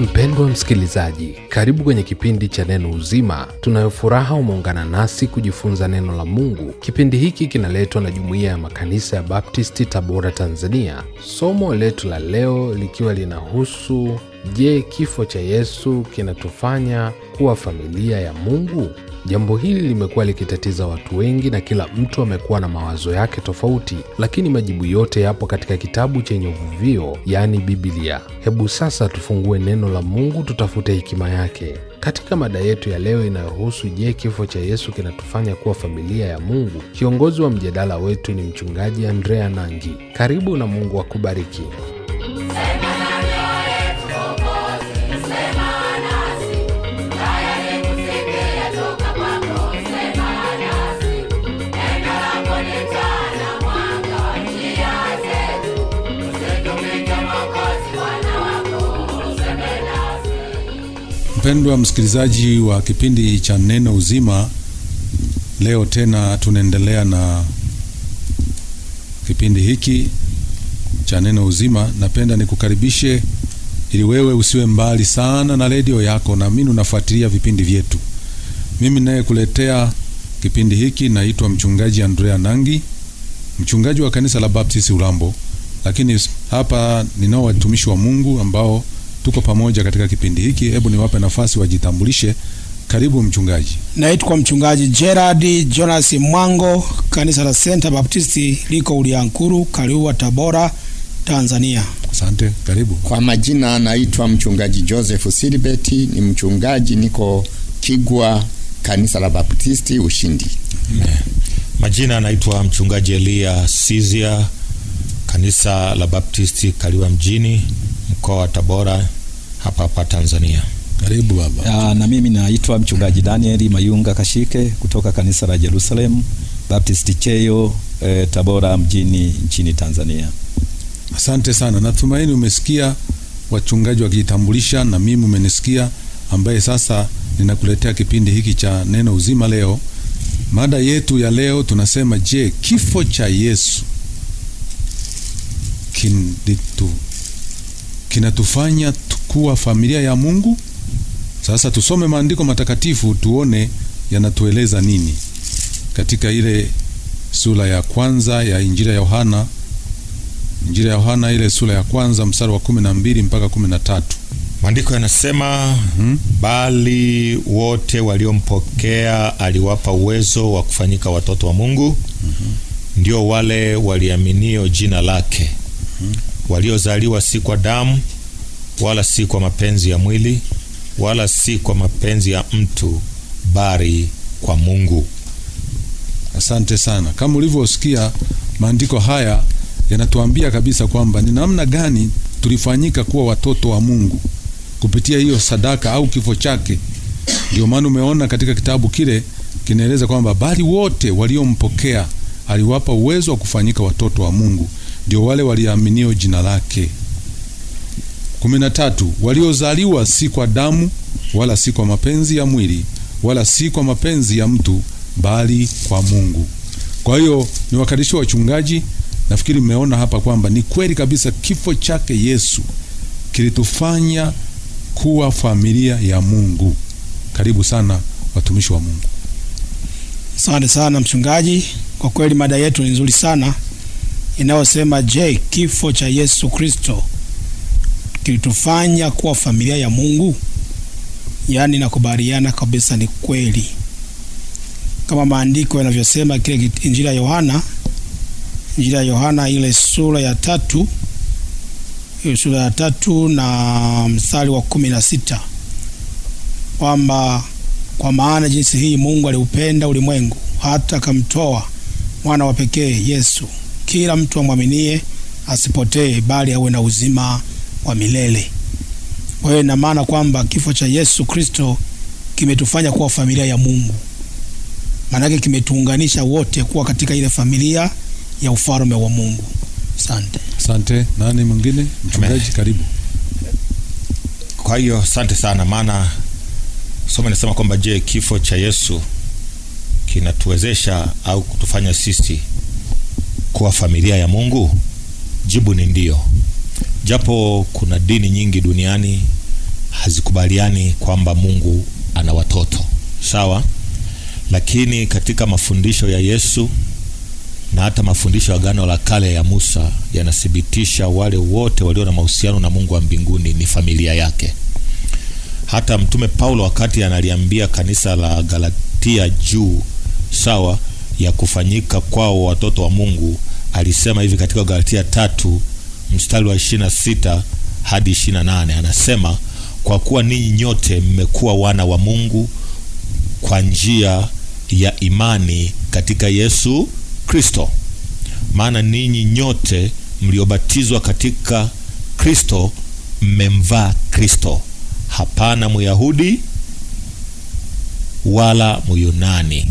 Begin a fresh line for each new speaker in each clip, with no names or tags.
Mpendwa msikilizaji, karibu kwenye kipindi cha Neno Uzima. Tunayo furaha umeungana nasi kujifunza neno la Mungu. Kipindi hiki kinaletwa na Jumuiya ya Makanisa ya Baptisti, Tabora, Tanzania. Somo letu la leo likiwa linahusu je, kifo cha Yesu kinatufanya kuwa familia ya Mungu? Jambo hili limekuwa likitatiza watu wengi na kila mtu amekuwa na mawazo yake tofauti, lakini majibu yote yapo katika kitabu chenye uvuvio, yaani Biblia. Hebu sasa tufungue neno la Mungu, tutafute hekima yake katika mada yetu ya leo inayohusu je, kifo cha Yesu kinatufanya kuwa familia ya Mungu? Kiongozi wa mjadala wetu ni Mchungaji Andrea Nangi. Karibu na Mungu akubariki.
Mpendwa msikilizaji wa kipindi cha Neno Uzima, leo tena tunaendelea na kipindi hiki cha Neno Uzima. Napenda nikukaribishe ili wewe usiwe mbali sana na redio yako, mimi unafuatilia vipindi vyetu. Mimi nayekuletea kipindi hiki naitwa Mchungaji Andrea Nangi, mchungaji wa kanisa la Baptisti Urambo, lakini hapa ninao watumishi wa Mungu ambao tuko pamoja katika kipindi hiki. Hebu niwape nafasi wajitambulishe. Karibu mchungaji. Naitwa mchungaji Gerard Jonas Mwango,
kanisa la Center Baptist liko Uliankuru, Kaliua, Tabora, Tanzania.
Asante, karibu.
Kwa majina naitwa mchungaji Joseph Silibeti, ni mchungaji niko Kigwa, kanisa la Baptisti Ushindi.
Majina anaitwa mchungaji Elia Sizia, kanisa la Baptisti Kaliwa mjini mkoa wa Tabora hapa hapa Tanzania.
Karibu baba. Aa, ah, na mimi naitwa mchungaji Danieli Mayunga Kashike kutoka kanisa la Jerusalem Baptist Cheyo e, Tabora mjini nchini Tanzania. Asante
sana, natumaini umesikia wachungaji wakitambulisha na mimi umenisikia, ambaye sasa ninakuletea kipindi hiki cha neno uzima leo. Mada yetu ya leo tunasema, je, kifo cha Yesu kinditu kinatufanya kuwa familia ya Mungu. Sasa tusome maandiko matakatifu tuone yanatueleza nini katika ile sura ya kwanza ya Injili ya Yohana, Injili ya Yohana ile sura ya kwanza mstari wa kumi na mbili mpaka kumi na tatu maandiko yanasema hmm,
bali wote waliompokea aliwapa uwezo wa kufanyika watoto wa Mungu, hmm, ndio wale waliaminio jina lake, hmm, waliozaliwa si kwa damu wala si kwa mapenzi ya mwili wala si kwa
mapenzi ya mtu bali kwa Mungu. Asante sana. Kama ulivyosikia, maandiko haya yanatuambia kabisa kwamba ni namna gani tulifanyika kuwa watoto wa Mungu kupitia hiyo sadaka au kifo chake. Ndio maana umeona katika kitabu kile kinaeleza kwamba bali wote waliompokea aliwapa uwezo wa kufanyika watoto wa Mungu, ndio wale waliaminio jina lake. kumi na tatu waliozaliwa si kwa damu wala si kwa mapenzi ya mwili wala si kwa mapenzi ya mtu bali kwa Mungu. Kwa hiyo ni wakarishi wachungaji, nafikiri mmeona hapa kwamba ni kweli kabisa kifo chake Yesu kilitufanya kuwa familia ya Mungu. Karibu sana watumishi wa Mungu. Asante sana mchungaji,
kwa kweli mada yetu ni nzuri sana inayosema je, kifo cha Yesu Kristo kilitufanya kuwa familia ya Mungu? Yaani nakubaliana kabisa, ni kweli kama maandiko yanavyosema kile Injili ya Yohana, Injili ya Yohana ile sura ya tatu sura ya tatu na mstari wa kumi na sita kwamba kwa maana jinsi hii Mungu aliupenda ulimwengu hata akamtoa mwana wa pekee Yesu kila mtu amwaminie asipotee, bali awe na uzima wa milele. Kwa hiyo ina maana kwamba kifo cha Yesu Kristo kimetufanya kuwa familia ya Mungu, maanake kimetuunganisha wote kuwa katika ile familia ya ufalme wa Mungu. Asante,
asante.
Nani mwingine? Mchungaji, karibu. Kwa hiyo asante sana, maana somo linasema kwamba je, kifo cha Yesu kinatuwezesha au kutufanya sisi kuwa familia ya Mungu? Jibu ni ndio japo kuna dini nyingi duniani hazikubaliani kwamba Mungu ana watoto sawa, lakini katika mafundisho ya Yesu na hata mafundisho ya Agano la Kale ya Musa yanathibitisha wale wote walio na mahusiano na Mungu wa mbinguni ni familia yake. Hata Mtume Paulo wakati analiambia kanisa la Galatia juu sawa ya kufanyika kwao watoto wa Mungu, alisema hivi katika Galatia tatu mstari wa 26 hadi nane anasema kwa kuwa ninyi nyote mmekuwa wana wa Mungu kwa njia ya imani katika Yesu Kristo. Maana ninyi nyote mliobatizwa katika Kristo mmemvaa Kristo. Hapana Myahudi wala Myunani,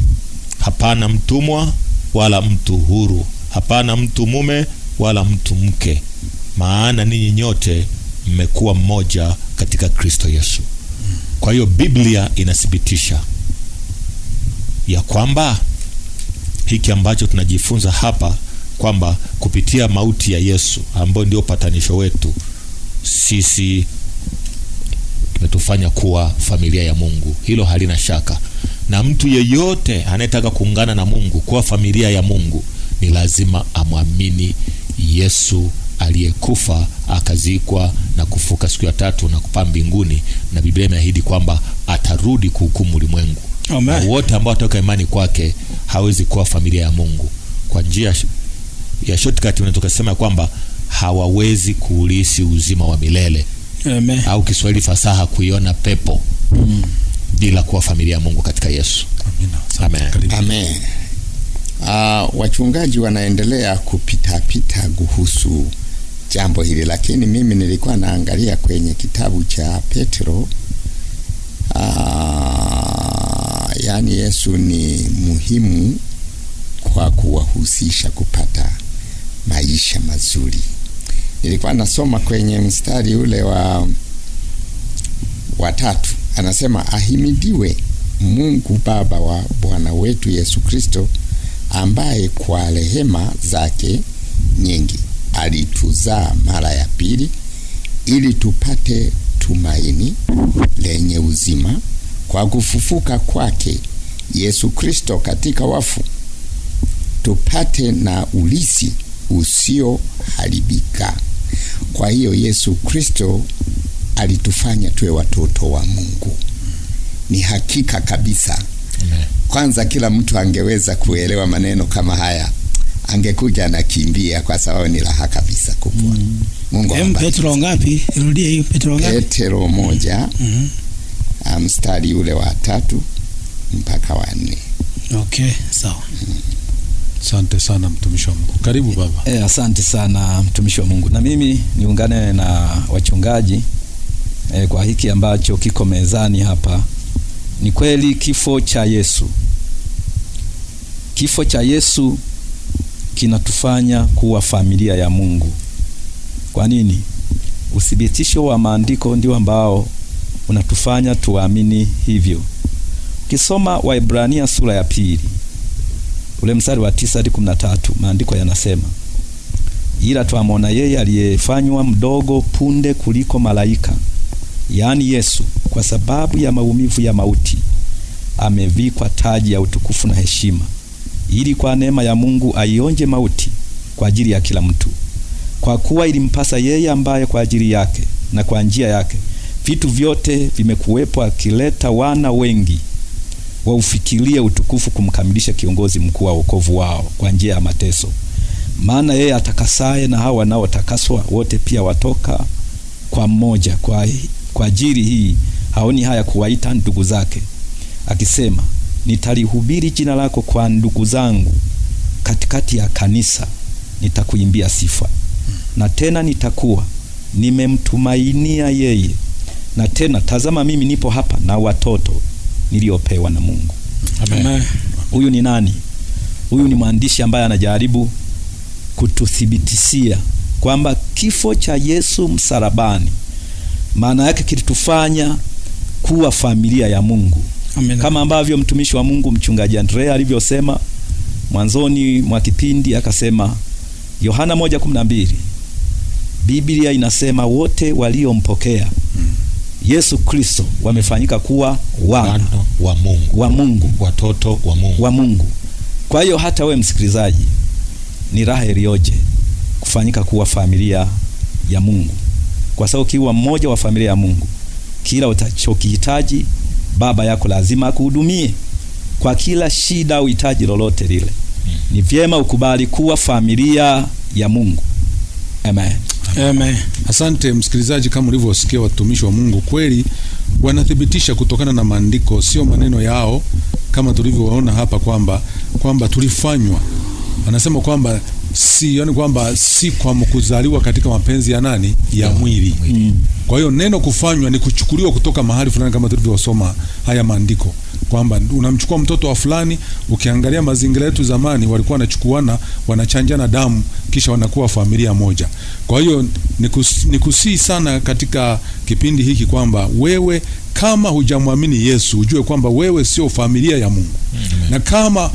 hapana mtumwa wala mtu huru, hapana mtu mume wala mtu mke, maana ninyi nyote mmekuwa mmoja katika Kristo Yesu. Kwa hiyo Biblia inathibitisha ya kwamba hiki ambacho tunajifunza hapa kwamba kupitia mauti ya Yesu ambayo ndio upatanisho wetu sisi kimetufanya kuwa familia ya Mungu. Hilo halina shaka, na mtu yeyote anayetaka kuungana na Mungu kuwa familia ya Mungu ni lazima amwamini Yesu aliyekufa akazikwa na kufuka siku ya tatu na kupaa mbinguni, na Biblia imeahidi kwamba atarudi kuhukumu ulimwengu. wote ambao watoka imani kwake hawezi kuwa familia ya Mungu. Kwa njia ya shortcut unatoka sema kwamba hawawezi kuulisi uzima wa milele. Amen. Au Kiswahili fasaha kuiona pepo
mm,
bila kuwa familia ya Mungu katika Yesu. Amina. Amen. Amen uh, wachungaji wanaendelea kupitapita kuhusu jambo hili, lakini mimi nilikuwa naangalia kwenye kitabu cha Petro uh, ah, yani Yesu ni muhimu kwa kuwahusisha kupata maisha mazuri. Nilikuwa nasoma kwenye mstari ule wa watatu, anasema ahimidiwe Mungu Baba wa Bwana wetu Yesu Kristo ambaye kwa rehema zake nyingi alituzaa mara ya pili ili tupate tumaini lenye uzima kwa kufufuka kwake Yesu Kristo katika wafu, tupate na ulisi usioharibika. Kwa hiyo Yesu Kristo alitufanya tuwe watoto wa Mungu. Ni hakika kabisa kwanza kila mtu angeweza kuelewa maneno kama haya, angekuja anakimbia, kwa sababu ni raha kabisa kupona. mm. Mungu ambaye. Petro ngapi? Rudie hiyo Petro ngapi? Petro moja. mm -hmm. Mstari ule wa tatu mpaka wa nne.
Okay, sawa. mm. Asante sana mtumishi wa Mungu. Karibu baba. Eh, asante sana mtumishi wa Mungu. Na mimi niungane na wachungaji eh, kwa hiki ambacho kiko mezani hapa ni kweli kifo cha Yesu, kifo cha Yesu kinatufanya kuwa familia ya Mungu. Kwa nini? Uthibitisho wa maandiko ndio ambao unatufanya tuamini hivyo. Ukisoma Waebrania sura ya pili ule mstari wa tisa hadi kumi na tatu maandiko yanasema, ila twamwona yeye aliyefanywa mdogo punde kuliko malaika, yaani Yesu kwa sababu ya maumivu ya mauti amevikwa taji ya utukufu na heshima, ili kwa neema ya Mungu aionje mauti kwa ajili ya kila mtu. Kwa kuwa ilimpasa yeye ambaye kwa ajili yake na kwa njia yake vitu vyote vimekuwepo, akileta wana wengi waufikirie utukufu, kumkamilisha kiongozi mkuu wa wokovu wao kwa njia ya mateso. Maana yeye atakasaye na hao wanaotakaswa wote pia watoka kwa mmoja. Kwa ajili hii haoni haya kuwaita ndugu zake, akisema, nitalihubiri jina lako kwa ndugu zangu, katikati ya kanisa nitakuimbia sifa. Na tena nitakuwa nimemtumainia yeye, na tena tazama, mimi nipo hapa na watoto niliopewa na Mungu. Amen. Huyu ni nani? Huyu ni mwandishi ambaye anajaribu kututhibitishia kwamba kifo cha Yesu msalabani maana yake kilitufanya kuwa familia ya Mungu. Amen. Kama ambavyo mtumishi wa Mungu mchungaji Andrea alivyosema mwanzoni mwa kipindi akasema, Yohana 1:12 Biblia inasema wote waliompokea Yesu Kristo wamefanyika kuwa wana, wa Mungu, wa Mungu, watoto wa Mungu, wa Mungu. Kwa hiyo hata we msikilizaji, ni raha iliyoje kufanyika kuwa familia ya Mungu, kwa sababu kiwa mmoja wa familia ya Mungu kila utachokihitaji baba yako lazima akuhudumie kwa kila shida au hitaji lolote lile. Ni vyema ukubali kuwa familia ya Mungu. Amen. Amen.
Asante msikilizaji, kama ulivyosikia watumishi wa Mungu kweli wanathibitisha kutokana na maandiko, sio maneno yao, kama tulivyoona hapa kwamba kwamba tulifanywa, anasema kwamba si yani kwamba si kwa kuzaliwa katika mapenzi ya nani ya yeah, mwili mm. Kwa hiyo neno kufanywa ni kuchukuliwa kutoka mahali fulani, kama tulivyosoma haya maandiko kwamba unamchukua mtoto wa fulani. Ukiangalia mazingira yetu zamani, walikuwa wanachukuana wanachanjana damu kisha wanakuwa familia moja. Kwa hiyo ni kusii sana katika kipindi hiki kwamba wewe kama hujamwamini Yesu ujue kwamba wewe sio familia ya Mungu. Amen. Mm. Na kama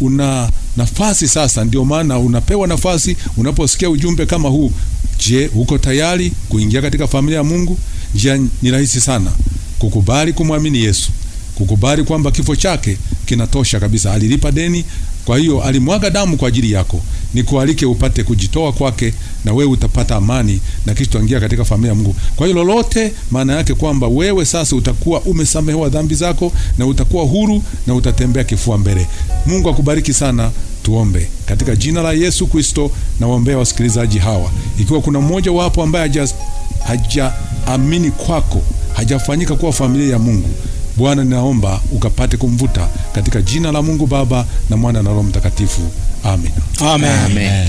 una nafasi sasa. Ndio maana unapewa nafasi unaposikia ujumbe kama huu. Je, uko tayari kuingia katika familia ya Mungu? Njia ni rahisi sana, kukubali kumwamini Yesu, kukubali kwamba kifo chake kinatosha kabisa, alilipa deni. Kwa hiyo alimwaga damu kwa ajili yako. Nikualike upate kujitoa kwake, na wewe utapata amani na kisha utaingia katika familia ya Mungu. Kwa hiyo lolote, maana yake kwamba wewe sasa utakuwa umesamehewa dhambi zako na utakuwa huru na utatembea kifua mbele. Mungu akubariki sana. Tuombe. Katika jina la Yesu Kristo, nawaombea wasikilizaji hawa. Ikiwa kuna mmoja wapo ambaye hajaamini kwako, hajafanyika kuwa familia ya Mungu, Bwana, ninaomba ukapate kumvuta katika jina la Mungu Baba na Mwana na Roho Mtakatifu. Amen. Amen. Amen.